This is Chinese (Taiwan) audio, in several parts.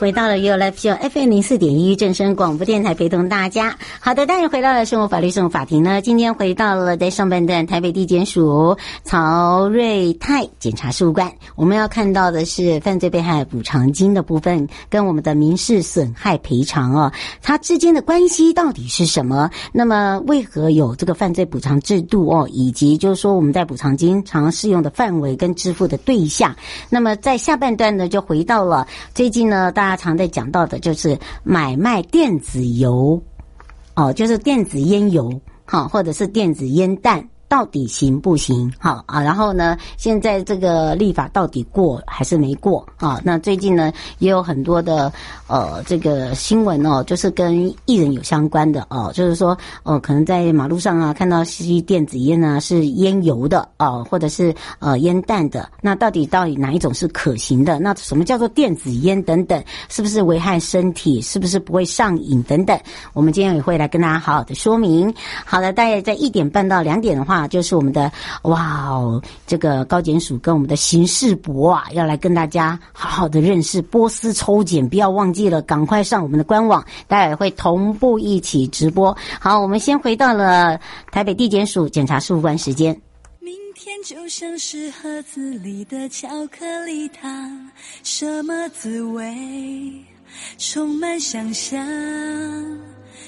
回到了 Your Life Show FM 零四點一正聲廣播電臺，陪同大家。好的，當然回到了生活法律、生活法庭呢。今天回到了在上半段台北地檢署曹瑞泰檢察事務官，我們要看到的是犯罪被害補償金的部分，跟我們的民事損害賠償哦，它之間的關係到底是什麼？那麼為何有這個犯罪補償制度哦？以及就是說我們在補償金常適用的範圍跟支付的對象。那麼在下半段呢，就回到了最近呢大。大家常在講到的就是買賣電子油，哦，就是電子煙油哈，或者是電子煙彈。到底行不行？好啊，然後呢？現在這個立法到底過還是沒過？啊，那最近呢也有很多的呃這個新聞哦，就是跟藝人有相關的哦、啊，就是說哦、呃，可能在馬路上啊看到吸電子菸呢是菸油的哦、啊，或者是呃菸彈的，那到底到底哪一種是可行的？那什麼叫做電子菸等等？是不是危害身體？是不是不會上癮？等等？我們今天也會來跟大家好好的說明。好了，大概在一點半到兩點的話。啊，就是我們的哇哦，這個高檢署跟我們的刑事博啊，要來跟大家好好的認識波斯抽檢，不要忘記了，趕快上我們的官網，待會會同步一起直播。好，我們先回到了台北地檢署檢察事務官時間。明天就像是盒子裡的巧克力糖，什麼滋味？充滿想象。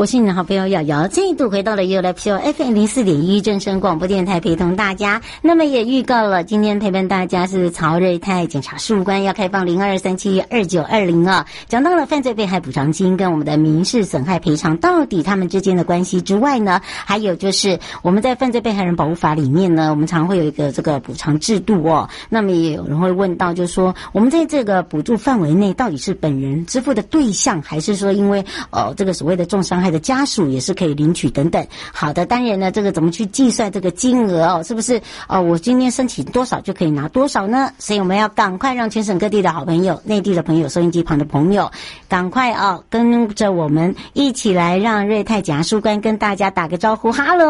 我是你的好朋友瑤瑤，這一度回到了 U L P O F M 零四點一正聲廣播電臺，陪同大家。那麼也預告了今天陪伴大家是曹瑞泰檢察事務官要開放零二三七二九二零啊，講到了犯罪被害補償金跟我們的民事損害賠償到底他們之間的關係之外呢，還有就是我們在《犯罪被害人保護法》裡面呢，我們常會有一個這個補償制度哦。那麼也有人會問到，就是說我們在這個補助範圍內到底是本人支付的對象，還是說因為呃這個所謂的重傷害？的家屬也是可以領取等等。好的，當然呢，這個怎麼去計算這個金額哦？是不是哦？我今天申請多少就可以拿多少呢？所以我們要趕快讓全省各地的好朋友、內地的朋友、收音機旁的朋友，趕快啊、哦，跟着我們一起來讓瑞泰檢事官跟大家打個招呼，哈嘍！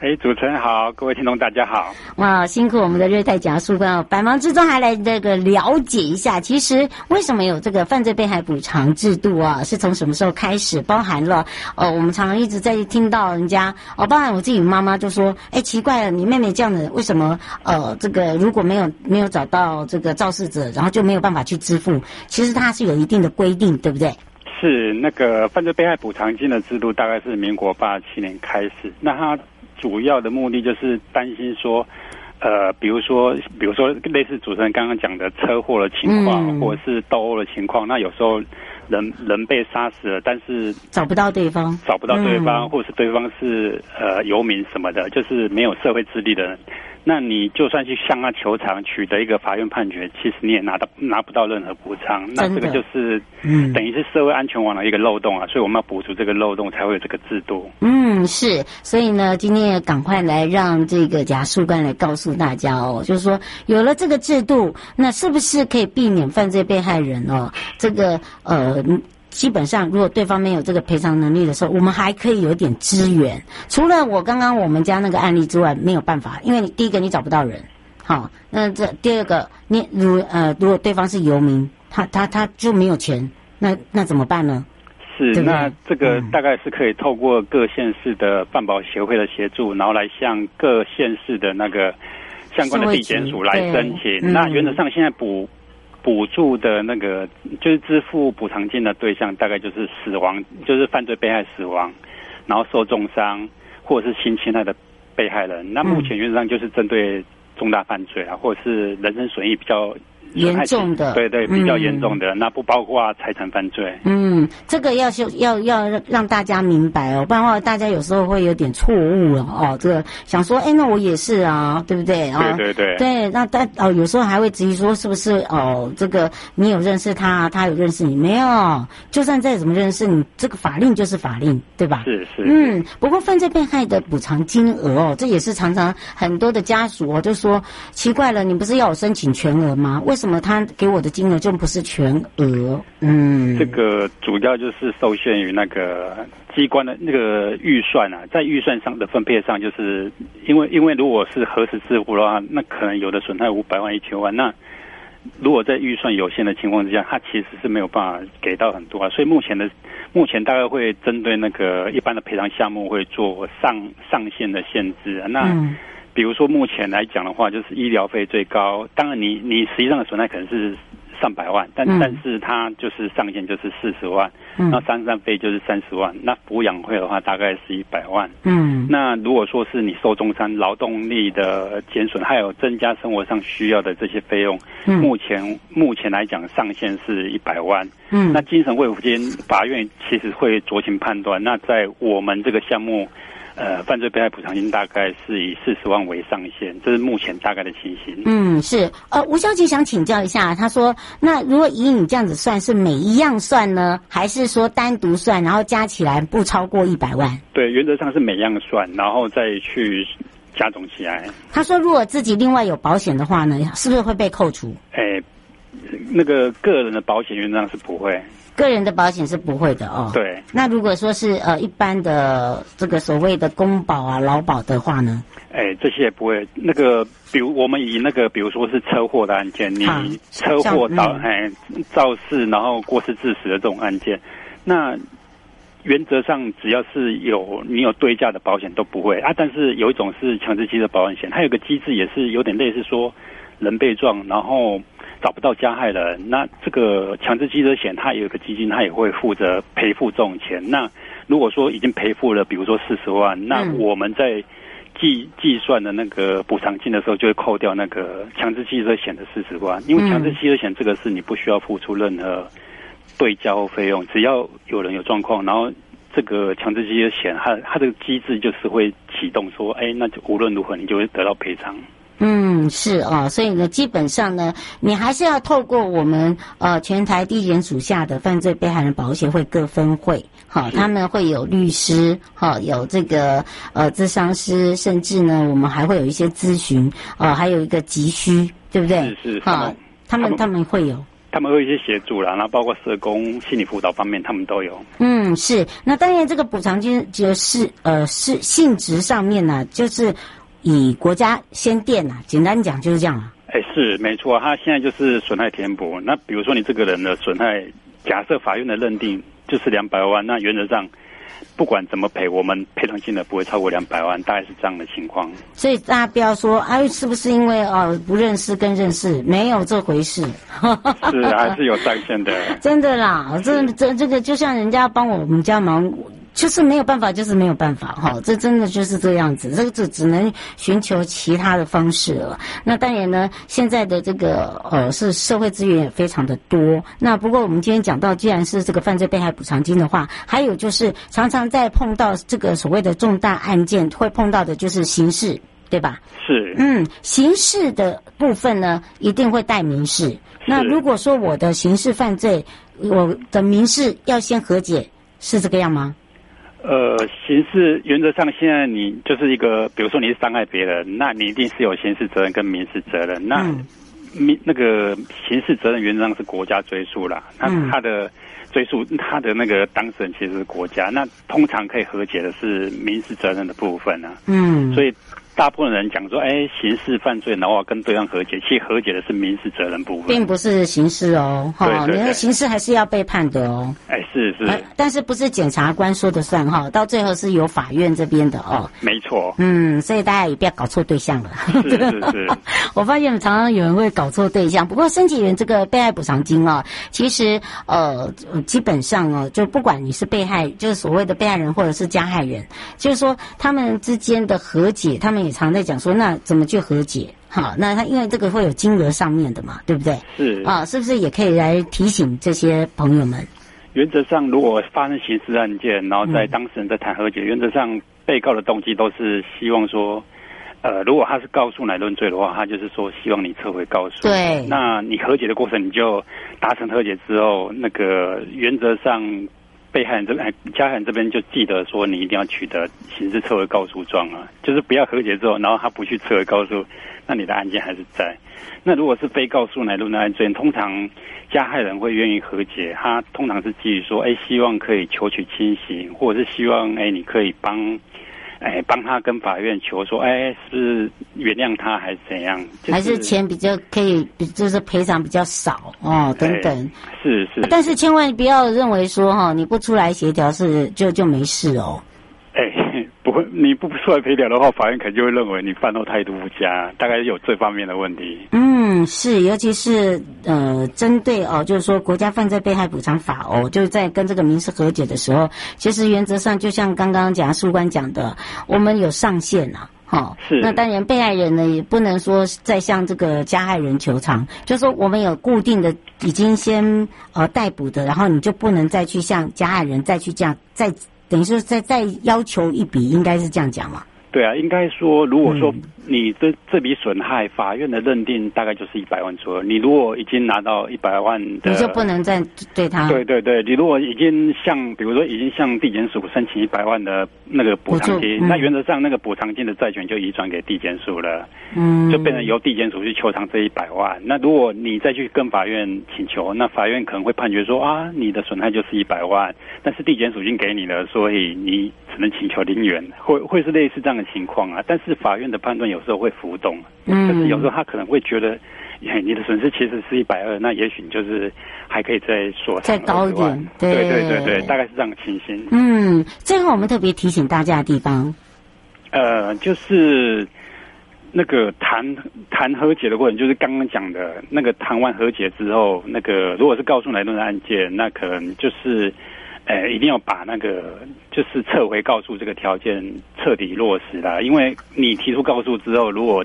哎，主持人好，各位聽眾大家好。哇，辛苦我們的瑞泰檢事官哦，百忙之中還來這個了解一下。其實為什麼有這個犯罪被害補償制度啊？是從什麼時候開始包含了？哦、呃，我們常常一直在聽到人家，哦，包含我自己媽媽就說，哎，奇怪了，你妹妹這樣子，為什麼？呃，這個如果沒有沒有找到這個肇事者，然後就沒有辦法去支付。其實它是有一定的規定，對不對？是那個犯罪被害補償金的制度，大概是民國八七年開始。那它主要的目的就是擔心說，呃，比如說，比如說類似主持人剛剛講的車禍的情況，嗯、或者是鬥毆的情況，那有時候。人人被殺死了，但是找不到對方，找不到對方，嗯、或者是對方是呃游民什麼的，就是沒有社會資歷的人。那你就算去向他求償，取得一個法院判決，其實你也拿到拿不到任何補償。那這個就是，嗯，等於是社會安全網的一個漏洞啊，所以我們要補足這個漏洞，才會有這個制度。嗯，是，所以呢，今天也趕快來讓這個檢察官來告訴大家哦，就是說有了這個制度，那是不是可以避免犯罪被害人哦？這個呃。基本上，如果對方沒有這個賠償能力的時候，我們還可以有一點支援。除了我剛剛我們家那個案例之外，沒有辦法，因為你第一個你找不到人，好，那這第二個，你如呃，如果對方是遊民，他他他就沒有錢，那那怎麼辦呢？是，那這個大概是可以透過各縣市的犯保協會的協助，嗯，助，然後來向各縣市的那個相關的地檢署來申請。嗯，那原則上現在補。補助的那個就是支付補償金的對象，大概就是死亡，就是犯罪被害死亡，然後受重傷或者是性侵害的被害人。那目前原則上就是針對重大犯罪啊，或者是人身損益比較。嚴重的，對對，比較嚴重的、嗯，那不包括財產犯罪。嗯，這個要要要讓大家明白哦，不然的話大家有時候會有點錯誤了哦，哦。這個想說，哎、欸，那我也是啊，對不對啊、哦？對對對。對，那大，哦，有時候還會質疑說，是不是哦？這個你有認識他，他有認識你？沒有，就算再怎麼認識你，你這個法令就是法令，對吧？是，是是。嗯，不過犯罪被害的補償金額哦，這也是常常很多的家屬哦，就說奇怪了，你不是要我申請全額嗎？為什為什麼他給我的金額就不是全額。嗯，這個主要就是受限於那個機關的那個預算啊，在預算上的分配上，就是因為因為如果是核實支付的話，那可能有的損害五百萬、一千萬。那如果在預算有限的情況之下，它其實是沒有辦法給到很多啊。所以目前的目前大概會針對那個一般的賠償項目會做上上限的限制。那。嗯比如說，目前來講的話，就是醫療費最高。當然你，你你實際上的損害可能是上百萬，但、嗯、但是它就是上限就是四十萬。嗯、那喪葬費就是三十萬，那撫養費的話大概是一百萬。嗯，那如果說是你受重傷，勞動力的減損還有增加生活上需要的這些費用。目前、嗯、目前來講，上限是一百萬。嗯，那精神慰撫金法院其實會酌情判斷。那在我們這個項目，呃，犯罪被害補償金大概是以四十萬為上限，這是目前大概的情形。嗯，是。呃，吳小姐想請教一下，她說，那如果以你這樣子算，是每一樣算呢，還是說單獨算，然後加起來不超過一百萬？對，原則上是每樣算，然後再去。加重起來。他說：“如果自己另外有保險的話呢，是不是會被扣除？”哎、欸，那個個人的保險原則上是不會。個人的保險是不會的哦。對。那如果說是呃一般的這個所謂的公保啊、勞保的話呢？哎、欸，這些不會。那個，比如我們以那個，比如說是車禍的案件，你車禍導哎肇事然後過失致死的這種案件，那。原則上，只要是有你有對價的保險都不會啊。但是有一種是強制汽車保險，它有個機制也是有點類似，說人被撞然後找不到加害人，那這個強制汽車險它有一個基金，它也會負責賠付這種錢。那如果說已經賠付了，比如說四十萬，那我們在計計算的那個補償金的時候就會扣掉那個強制汽車險的四十萬，因為強制汽車險這個是你不需要付出任何。對交費用，只要有人有狀況，然後這個強制基金險，它它這個機制就是會啟動，說，哎，那就無論如何，你就會得到賠償。嗯，是哦，所以呢，基本上呢，你還是要透過我們呃全台地檢署下的犯罪被害人保護協會各分會，好，他們會有律師，好，有這個呃，諮商師，甚至呢，我們還會有一些諮詢，哦、呃，還有一個急需，對不對？是是是。好，他們他們,他們他們會有。他們會有一些協助啦，然後包括社工、心理輔導方面，他們都有。嗯，是。那當然，這個補償金就是呃，是性質上面呢、啊，就是以國家先墊了、啊。簡單講就是這樣啊。哎、欸，是沒錯、啊，他現在就是損害填補。那比如說你這個人的損害，假設法院的認定就是兩百萬，那原則上。不管怎麼賠，我們賠償金額不會超過兩百萬，大概是這樣的情況。所以大家不要說哎、啊，是不是因為哦、呃、不認識跟認識沒有這回事？ 是、啊、還是有上限的？ 真的啦，這這這個就像人家幫我們家忙。就是沒有辦法，就是沒有辦法，哈，這真的就是這樣子，這個只只能尋求其他的方式了。那當然呢，現在的這個呃、哦，是社會資源也非常的多。那不過我們今天講到，既然是這個犯罪被害補償金的話，還有就是常常在碰到這個所謂的重大案件會碰到的，就是刑事，對吧？是。嗯，刑事的部分呢，一定會帶民事。那如果說我的刑事犯罪，我的民事要先和解，是這個樣嗎？呃，刑事原則上，現在你就是一個，比如說你是傷害別人，那你一定是有刑事責任跟民事責任。那民、嗯、那，那個刑事責任原則上是國家追訴啦，那他的追訴、嗯、他的那個當事人其實是國家。那通常可以和解的是民事責任的部分呢、啊。嗯，所以。大部分人講說，哎，刑事犯罪然後跟對方和解，其實和解的是民事責任部分，並不是刑事哦，哈，你、哦、的刑事還是要被判的哦，哎，是是，但是不是檢察官說的算哈，到最後是由法院這邊的、啊、哦，沒錯，嗯，所以大家也不要搞錯對象了，對 我發現常常有人會搞錯對象，不過申請人這個被害補償金啊，其實呃，基本上哦，就不管你是被害，就是所謂的被害人或者是加害人，就是說他們之間的和解，他們。也常在講說，那怎麼去和解？好，那他因為這個會有金額上面的嘛，對不對？是啊，是不是也可以來提醒這些朋友們？原則上，如果發生刑事案件，嗯、然後在當事人在談和解，原則上被告的動機都是希望說，呃，如果他是告訴乃論罪的話，他就是說希望你撤回告訴。對，那你和解的過程，你就達成和解之後，那個原則上。被害人這邊，加害人這邊就記得說，你一定要取得刑事撤回告訴狀啊，就是不要和解之後，然後他不去撤回告訴，那你的案件還是在。那如果是被告訴乃論的案件，通常加害人會願意和解，他通常是基於說，哎，希望可以求取輕刑，或者是希望，哎，你可以幫。哎，幫他跟法院求說，哎，是，是原諒他還是怎樣，就是？還是錢比較可以，就是賠償比較少哦、喔，等等。是是。但是千萬不要認為說哈、喔，你不出來協調是就就沒事哦、喔。你不出來賠掉的話，法院肯定會認為你犯後態度不佳，大概有這方面的問題。嗯，是，尤其是呃，針對哦，就是說國家犯罪被害補償法哦，就是在跟這個民事和解的時候，其實原則上就像剛剛講，事務官講的，我們有上限啊。哈、哦。是。那當然，被害人呢也不能說再向這個加害人求償，就是說我們有固定的，已經先呃代補的，然後你就不能再去向加害人再去這樣再。等於說再、再再要求一筆，應該是這樣講嘛？對啊，應該說，如果說。嗯。你這這筆損害，法院的認定大概就是一百萬左右。你如果已經拿到一百萬的，你就不能再對他。對對對，你如果已經向，比如說已經向地檢署申請一百萬的那個補償金，嗯，那原則上那個補償金的債權就移轉給地檢署了，嗯，就變成由地檢署去求償這一百萬。那如果你再去跟法院請求，那法院可能會判決說啊，你的損害就是一百萬，但是地檢署已經給你了，所以你只能請求零元，會會是類似這樣的情況啊。但是法院的判斷。有時候會浮動，嗯，但是有時候他可能會覺得，嗯欸、你的損失其實是一百二，那也許你就是還可以再說再高一點，對對對對，大概是這樣的情形。嗯，最後我們特別提醒大家的地方，呃，就是那個談談和解的過程，就是剛剛講的那個談完和解之後，那個如果是告訴乃論的案件，那可能就是。誒、哎，一定要把那個就是撤回告訴這個條件徹底落實了，因為你提出告訴之後，如果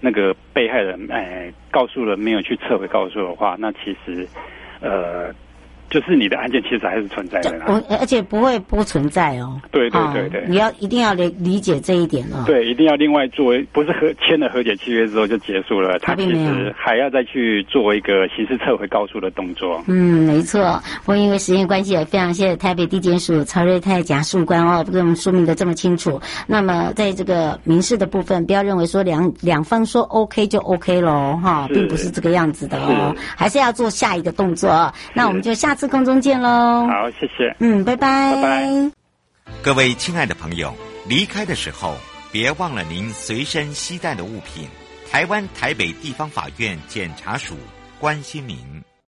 那個被害人誒告訴了沒有去撤回告訴的話，那其實，呃。就是你的案件其實還是存在的，不，而且不會不存在哦。對對對對，啊、你要一定要理理解這一點哦。對，一定要另外作為，不是和簽了和解契約之後就結束了，他，並沒有他其實還要再去做一個刑事撤回告訴的動作。嗯，沒錯。我因為時間關係，也非常謝謝台北地檢署曹瑞泰檢察事務官哦，跟我們說明的這麼清楚。那麼在這個民事的部分，不要認為說兩兩方說 OK 就 OK 嘍哈，並不是這個樣子的哦，是還是要做下一個動作。那我們就下次。在空中見嘍。好，謝謝，嗯，拜拜，拜拜。各位親愛的朋友，離開的時候別忘了您隨身攜帶的物品。台灣台北地方法院檢察署關心您。